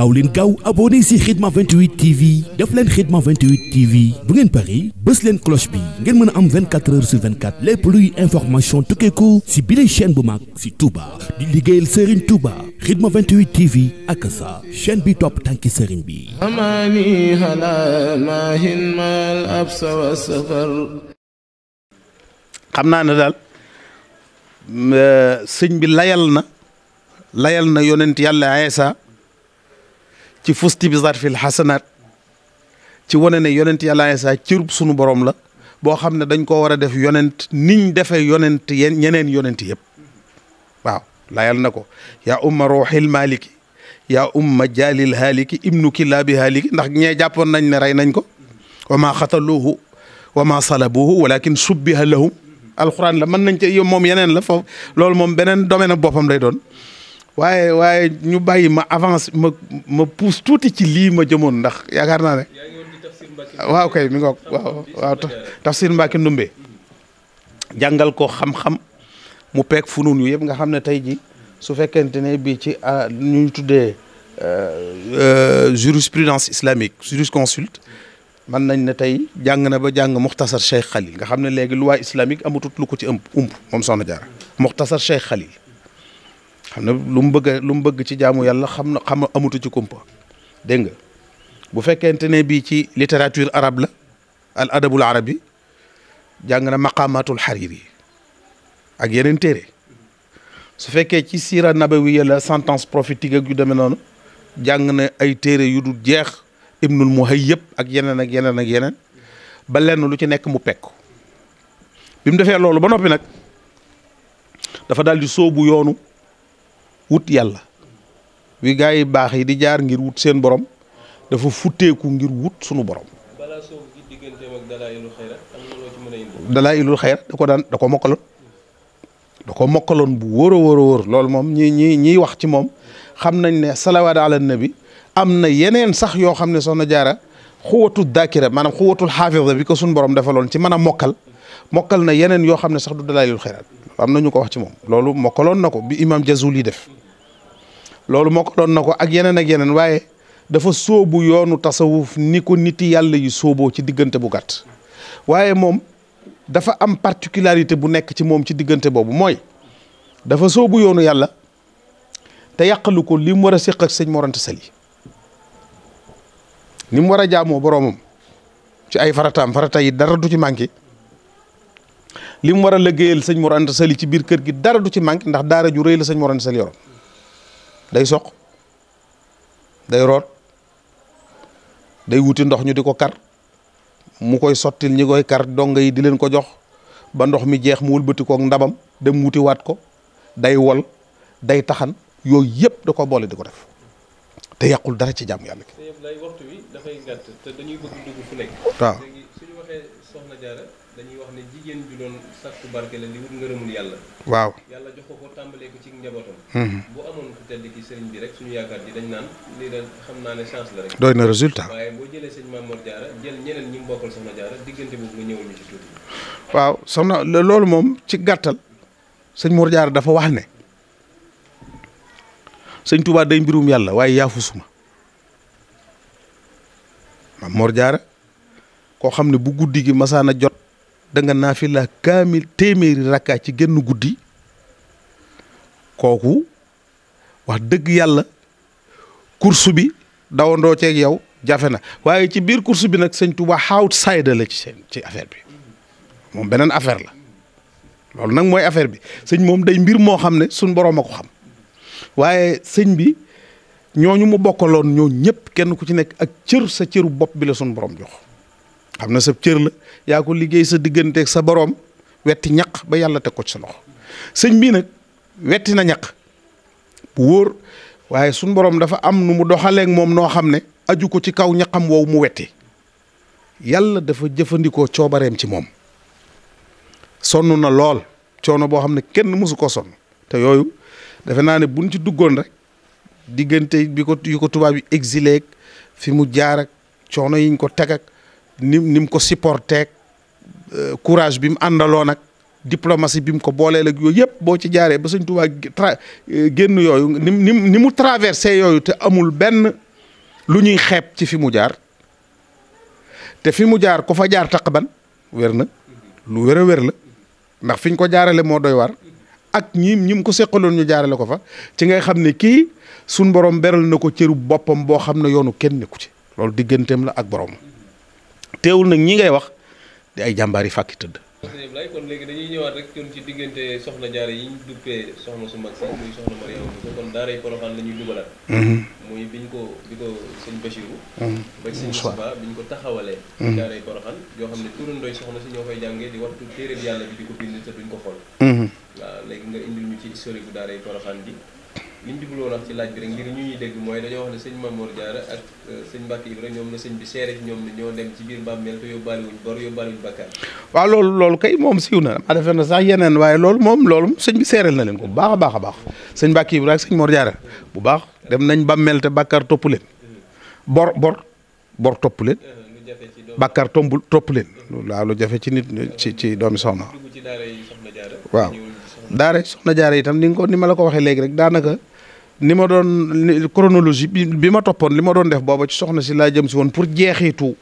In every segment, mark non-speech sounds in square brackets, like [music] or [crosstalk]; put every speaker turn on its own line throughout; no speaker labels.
gaaw leen gaaw abonné si Khidma 28 TV def leen Khidma 28 TV bu ngeen pari bës leen cloche bi ngeen mën a am 24 heures sur 24 lépp luy information tukkeeku si bile chaîne bu mag si Touba di liggéeyal Serigne Touba Khidma 28 TV ak sa chaîne bi topp tànki Serigne bi. xam naa ne daal euh, sëñ bi layal na na yonent ci fusti bi zarfil xasanaat ci wone ne yonent yàlla ci cërub sunu borom la boo xam ne dañ koo war a def yonent niñ defee yonent yeen ñeneen yonent yëpp waaw layal na ko yaa umma ruuxil maaliki yaa umma jaalil haaliki ibnu kilaabi haaliki ndax ñee jàppoon nañ ne rey nañ ko wa maa xataluuhu wa maa salabuuhu walakin subbiha lahum alquran la mën nañ ca moom yeneen la foofu loolu moom beneen domaine boppam lay doon waaye waaye ñu bàyyi ma avance ma ma tuuti ci lii ma jëmoon ndax yaakaar naa ne waaw kay mi ngoog waaw waaw tafsir Mbacke Ndoumbé jàngal ko xam-xam mu peeg funun yu yëpp nga xam ne tey jii su fekkente ne bii ci ñu ah, ñu tuddee euh, euh, jurisprudence islamique jurisconsulte man nañ ne tey jàng na ba jàng muxtasar Cheikh Khalil nga xam ne léegi loi islamique amatut lu ko ci ëmb ump moom soxna Jaara muxtasar Cheikh Khalil xam na lu bëgg a bëgg ci jaamu yàlla xam na xam amutu ci kumpa dégg nga bu fekkente ne bii ci littérature arab la al adabul arabi jàng na maqamatul xariri ak yeneen téere su fekkee ci siira nabawiya la sentence prophétique ak yu demee noonu jàng na ay téere yu du jeex ibnul muhayyab ak yeneen ak yeneen ak yeneen ba lenn lu ci nekk mu pekk bi mu defee loolu ba noppi nag dafa dal di sóobu yoonu wut yàlla wi gaa yi baax yi di jaar ngir wut seen borom defu futteeku ngir wut sunu borom. balaa soo gi digganteem ak dalaa'ilul da da ko mokkaloon da ko mokkaloon bu wóor a wóor a wóor moom ñi ñi ñiy wax ci moom xam nañ ne salawaat ala nabi am na yeneen sax yoo xam ne soxna jaara xuwatul daakira maanaam xuwatul xaafida bi ko suñu borom defaloon ci mën a mokkal mokkal na yeneen yoo xam ne sax du dalaa'ilul xayraat am na ñu ko wax ci moom loolu mokkaloon na ko bi imam Jazuli loolu moo ko doon na ko ak yeneen ak yeneen waaye dafa sóobu yoonu tasawuf ni ko niti yàlla yi sóoboo ci diggante bu gàtt waaye moom dafa am particularité bu nekk ci moom ci diggante boobu mooy dafa sóobu yoonu yàlla te yàqalu ko li war a séq ak sëñ Mor Anta Sali ni mu war a jaamoo boroomam ci ay farataam farata yi dara du ci manqué li mu war a lëggéeyal sëñ Mor Anta Sali ci biir kër gi dara du ci manqué ndax daara ju rëy la sëñ Mor Anta Sali yoroon day soq day root day wuti ndox ñu di ko kar mu koy sottil ñi koy kar donga yi di leen ko jox ba ndox mi jeex mu wëlbati kook ndabam dem wuti waat ko day wol day taxan yooyu yëpp da ko boole di ko def te yàqul dara ci jàmm yàlla gi. te dañuy wax ne jigéen ju doon sàkku barke la li wut ngërëmul yàlla. waaw yàlla jox ko ko tàmbalee ko ci njabootam. Mhm. bu amoon ku tedd ki sëriñ bi rek suñu yaakaar ji dañ naan lii daal xam naa ne chance la rek. doy na résultat waaye boo jëlee sëñ Mamour Diarra jël ñeneen ñi mu bokkal soxna Diarra diggante boobu nga ñëwul ñu ci tuuti. waaw soxna loolu moom ci gàttal sëñ Mor Diarra dafa wax ne sëñ Touba day mbirum yàlla waaye yaafusuma Mamour Diarra koo xam ne bu guddi gi a jot. da nga naafila kaamil téeméeri rakkaa ci génn guddi kooku wax dëgg yàlla kursu bi dawandoo ceeg yow jafe na waaye ci biir kursu bi nag sëñ Tuubaa outsider la ci seen ci affaire bi moom beneen affaire la loolu nag mooy affaire bi sëñ moom day mbir moo xam ne suñ boroom a ko xam waaye sëñ bi ñooñu mu bokkaloon ñoo ñëpp kenn ku ci nekk ak cër sa cëru bopp bi la suñ borom jox xam na sa cër la yaa ko liggéey sa digganteek sa boroom wetti ñaq ba yàlla teg ko ci sa sëñ bii nag wetti na ñaq bu wóor waaye suñ boroom dafa am nu mu doxaleeg moom noo xam ne aju ko ci kaw ñaqam wow mu wetti yàlla dafa jëfandikoo coobareem ci moom sonn na lool coono boo xam ne kenn mësu ko sonn te yooyu defe naa ne buñ ci duggoon rek diggante bi ko yi ko tubaab yi exilé fi mu jaar coono yiñ ko teg ak ni ni mu ko supporté euh, courage bi mu àndaloon nag diplomatie bi mu ko booleel ak yooyu yëpp boo ci jaaree ba sëñ Tuubaa tra euh, génn yooyu nim ni ni mu traversé yooyu te amul benn lu ñuy xeeb ci fi mu jaar te fi mu jaar ko fa jaar taqaban wér na lu wér a wér la ndax fi ko jaarale moo doy war ak ñiim ñi mu ko seqaloon ñu jaarale ko fa ci ngay xam ne kii suñ borom beral na ko cëru boppam boo xam ne yoonu kenn nekku ci loolu digganteem la ak borom. teewul nag ñi ngay wax di ay jàmbaar yi fàkki tëdd. kon léegi dañuy ñëwaat rek kon ci diggante soxna jaare yi ñu duppee soxna su mag si muy soxna Mariama Bousso kon daaray Porokhane la ñuy dugalaat. Mhm. muy biñ ko bi ko sëñ Bachirou. Mhm. ba sëñ Suba biñ ko taxawalee. Mhm. daaray Porokhane yoo xam ne turandooy soxna si ñoo koy jàngee di waxtu téereb yàlla bi di ko bind te duñ ko xool. waaw léegi nga indil ñu ci historique bu daaray Porokhane bi. li ñu laaj bi rek mooy dañoo wax ne sëñ Mamour euh, sëñ Mbacke Ibra ñoom la sëñ bi seere ñoom ne ñoo ci biir bàmmeel te yóbbaale wuñ bor yóbbaale wuñ bakkaar waaw loolu loolu kay moom siiw na maa defee na sax yeneen waaye loolu moom loolu sëñ bi seereel na leen ko bu baax a baax a baax sëñ Mbacke Ibra ak sëñ moor Diarra bu baax dem nañ bàmmeel te bakkaar topp leen bor bor bor topp leen bakkaar tombul topp leen waaw lu jafe ci nit ci ci doomi soxna waaw daara soxna Diarra itam ni nga ko ni ma la ko waxee léegi rek daanaka ni ma doon chronologie bi bi ma toppoon li ma doon def booba ci soxna si laa jëm si woon pour jeexitu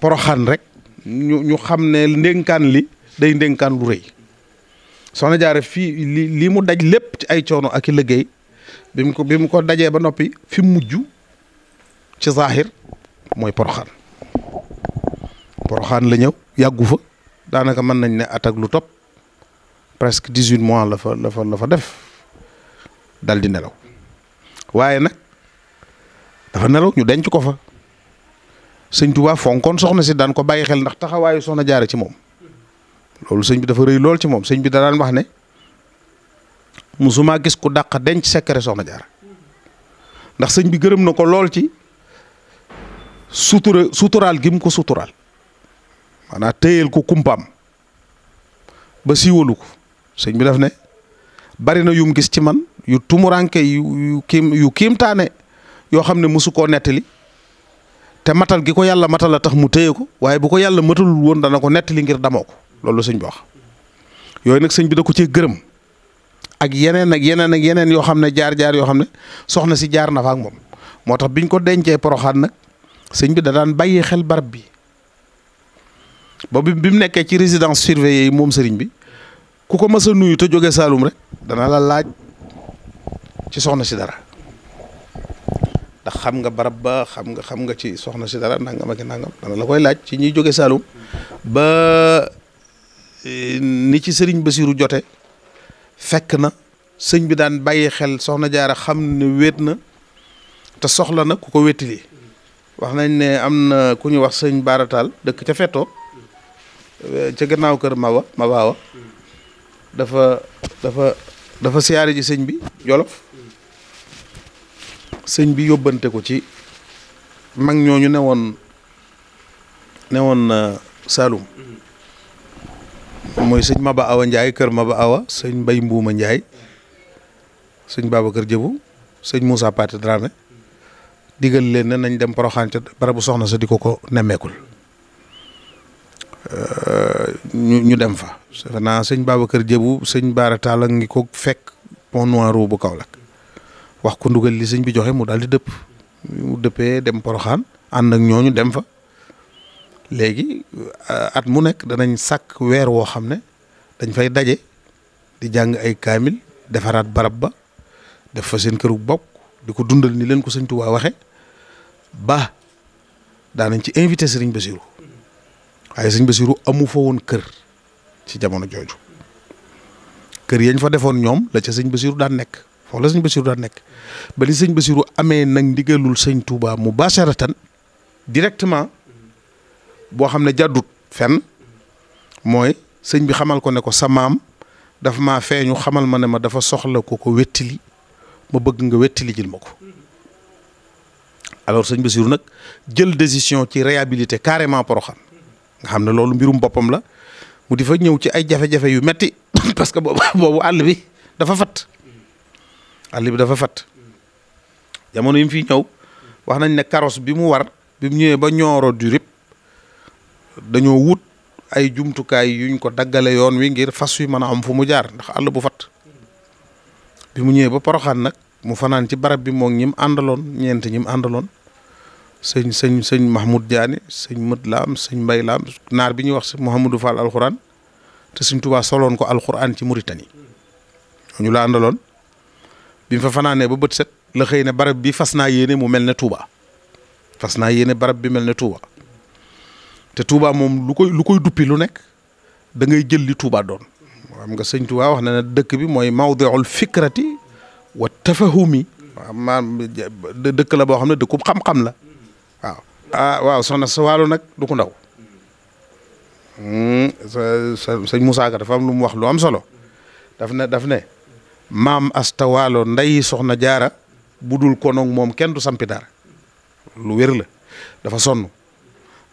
poroxaan rek ñu ñu xam ne ndénkaan li day ndénkaan lu rëy soxna jaare fii lii li mu daj lépp ci ay coono ak i liggéey bi ko bi mu ko dajee ba noppi fi mu mujj ci zahir mooy poroxaan poroxaan la ñëw yàggu fa daanaka mën nañ ne at ak lu topp presque dix-huit mois la fa la fa la fa def dal di nelaw waaye nag dafa nelaw ñu denc ko fa sëñ waa fonkoon soxna si daan ko bàyyi xel ndax taxawaayu soxna jaare ci moom loolu sëñ bi dafa rëy lool ci moom sëñ bi da daan wax ne musuma gis ku dàq denc secret soxna jaara ndax sëñ bi gërëm na ko lool ci sutura suturaal gi mu ko suturaal maanaa téyel ko kumpaam ba siiwalu ko sëñ bi daf ne bari na yum gis ci man yu tumuranke yu yu kiim yu yoo xam ne mosu koo nettali te matal gi ko yàlla matal la tax mu téye ko waaye bu ko yàlla matalul woon dana ko nettali ngir damoo ko loolu sëñ bi wax yooyu nag sëñ bi da ko cee gërëm ak yeneen ak yeneen ak yeneen yoo xam ne jaar-jaar yoo xam ne soxna si jaar na fa ak moom moo tax biñ ko dencee poroxaan nag sëñ bi da daan bàyyi xel barab bi ba bi mu nekkee ci résidence surveillée yi moom sëriñ bi ku ko mës a nuyu te jóge Saalum rek ci soxna si dara ndax xam nga barab ba xam nga xam nga ci soxna si dara nangam ak nangam dana la koy laaj ci ñuy jóge Saalum ba e, ni ci sëriñ Basiru jote fekk na sëñ bi daan bàyyi xel soxna jaara xam ne wéet na te soxla na ku ko wéttili wax nañ ne am na ku ñuy wax sëñ baarataal dëkk ca fettoo e, ca gannaaw kër Mawa Mabawa dafa dafa dafa siyaare ji sëñ bi Jolof sëñ bi yóbbante ko ci mag ñooñu ne woon ne woon euh, Saloum mooy sëñ Maba Awa njaay kër Maba Awa sëñ Mbay Mbuuma Ndiaye sëñ kër Jëbu sëñ Moussa Paté Dramé digal leen ne nañ dem Poroxaan ca barabu soxna sa di ko ko nemmeekul euh, ñu ñu dem fa. defe naa sëñ kër Jëbu sëñ Baara Tall a ngi ko fekk pont noir bu Kaolack wax ko ndugal li sëñ bi joxe mu daal di dëpp mu dëppee dem poroxaan ànd ak ñooñu dem fa léegi euh, at mu nekk danañ sàkk weer woo xam ne dañ fay daje di jàng ay kaamil defaraat barab ba def fa seen këru bokk di ko dundal ni leen ko sëñ waa waxe ba daanañ ci invité sëriñ Basiru waaye sëñ Basiru amu fa woon kër ci jamono jooju kër yañ fa defoon ñoom la ca sëñ Basiru daan nekk foofu la sëñ Basiru daan nekk ba li sëñ Basiru amee nag ndigalul sëñ Touba mu baasaratan directement boo xam ne jàddut fen mooy sëñ bi xamal ko ne ko sa maam dafa maa feeñu xamal ma ne ma dafa soxla ko ko wettili ma bëgg nga wettili jël ma ko alors sëñ Basiru nag jël décision ci réhabilité carrément Porokhane nga xam ne loolu mbirum boppam la mu di fa ñëw ci ay jafe-jafe yu metti [laughs] parce que boobu boobu àll bi dafa fat àll bi dafa fat jamono yi fi ñëw wax nañ ne carrosse bi mu war bi mu ñëwee ba ñooro du dañoo wut ay jumtukaay yuñ ko daggale yoon wi ngir fas wi mën a am fu mu jaar ndax àll bu fat bi mu ñëwee ba poroxaan nag mu fanaan ci barab bi moo ñi àndaloon ñeent ñi àndaloon sëñ sëñ sëñ Mahmoud Diané sëñ Mët Laam sëñ Mbay Laam naar bi ñuy wax Mouhamadou Fall alxuraan te sëñ soloon ko alxuraan ci Mauritanie ñu la àndaloon bi mu fa fanaanee ba bët set la xëy ne barab bi fas naa yéene mu mel ne Touba fas naa yéene barab bi mel ne Touba te tuuba moom lu koy lu koy duppi lu nekk da ngay jël li Touba doon. xam nga sëñ Touba wax na ne dëkk bi mooy mawdiul fikrati wa dëkk la boo xam ne dëkkub xam-xam la waaw. ah waaw soxna sa wàllu nag du ko ndaw. Hmm, sa sëñ Moussa Ka dafa am lu mu wax lu am solo. daf ne daf ne. maam asta waalo nday soxna jaara bu dul konoog moom kenn du sampi dara lu wér la dafa sonn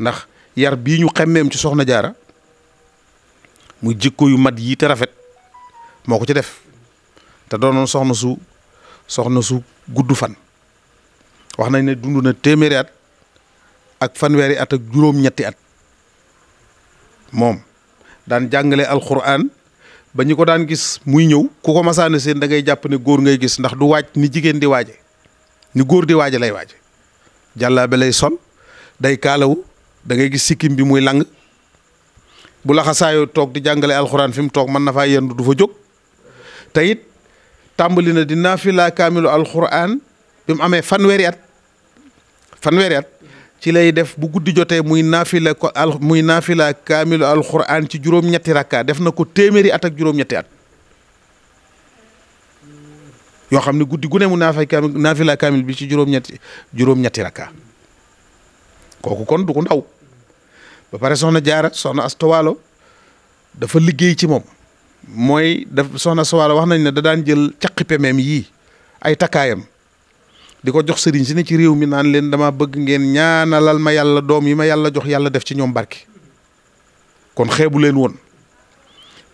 ndax yar bii ñu xemmeem ci soxna jaara muy jikko yu mat yii te rafet moo ko ci def te doonoon soxna su soxna su gudd fan wax nañ ne dund na téeméeri at ak fanweeri at ak juróom-ñetti at moom daan jàngale alxuraan ba ñu ko daan gis muy ñëw ku ko masaana seen da ngay jàpp ne góor ngay gis ndax du waaj ni jigéen di waaje ni góor di waaje lay waaj jàllaabe lay sol day kaalawu dangay ngay gis sikkim bi muy lang bu la toog di jàngale alxuraan fi mu toog mën na faa yendu du fa jóg te it tàmbali na dinaa di naafila kaamilu alxuraan bi mu amee fanweeri at fanweeri at ci lay def bu guddi jotee muy naafila ko al muy naafila kaamilu alxuraan ci juróom-ñetti rakka def na ko téeméeri at ak juróom-ñetti at yoo xam ne guddi gu ne mu naafay kaamil naafila kaamil bi ci juróom-ñetti juróom-ñetti rakka kooku kon du ko ndaw ba pare soxna jaara soxna astuwaalo dafa liggéey ci moom mooy daf soxna astuwaalo wax nañ ne da daan jël caqi pemeem yii ay takkaayam di ko jox sëriñ si ne ci réew mi naan leen dama bëgg ngeen ñaanalal ma yàlla doom yi ma yàlla jox yàlla def ci ñoom barke kon xeebu leen woon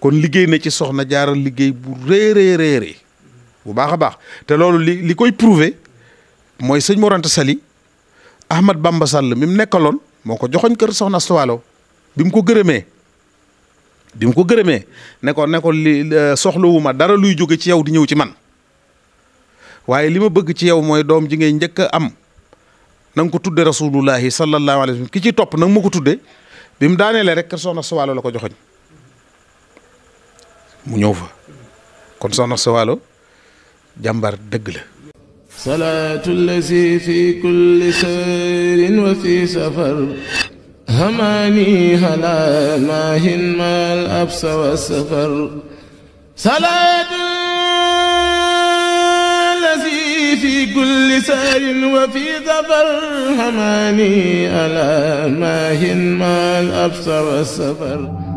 kon liggéey na ci soxna jaaral liggéey bu réeree bu baax a baax te loolu li li koy prouver mooy sëñ Mor Anta Sali Ahmad Bamba Sall mi mu nekkaloon moo ko joxoñ kër soxna Asta bi mu ko gërëmee bi mu ko gërëmee nekkoon nekkoon ne li soxlawuma dara luy jóge ci yow di ñëw ci man waaye li ma bëgg ci yow mooy doom ji ngay njëkk am na ko tudde rasulullahi sallallahu alayhi ki ci topp nag ma ko tudde bi mu daaneele rek soxna Sawaalo la ko joxoñ mu ñëw fa kon soxna Sawaalo jàmbar dëgg la salaatu fi kulli sayrin wa fi safar هماني هلا ماهن ما الأبس والسفر صلاة في كل سهر وفي ظفر حماني ألا ماهن ما الأبصر والسفر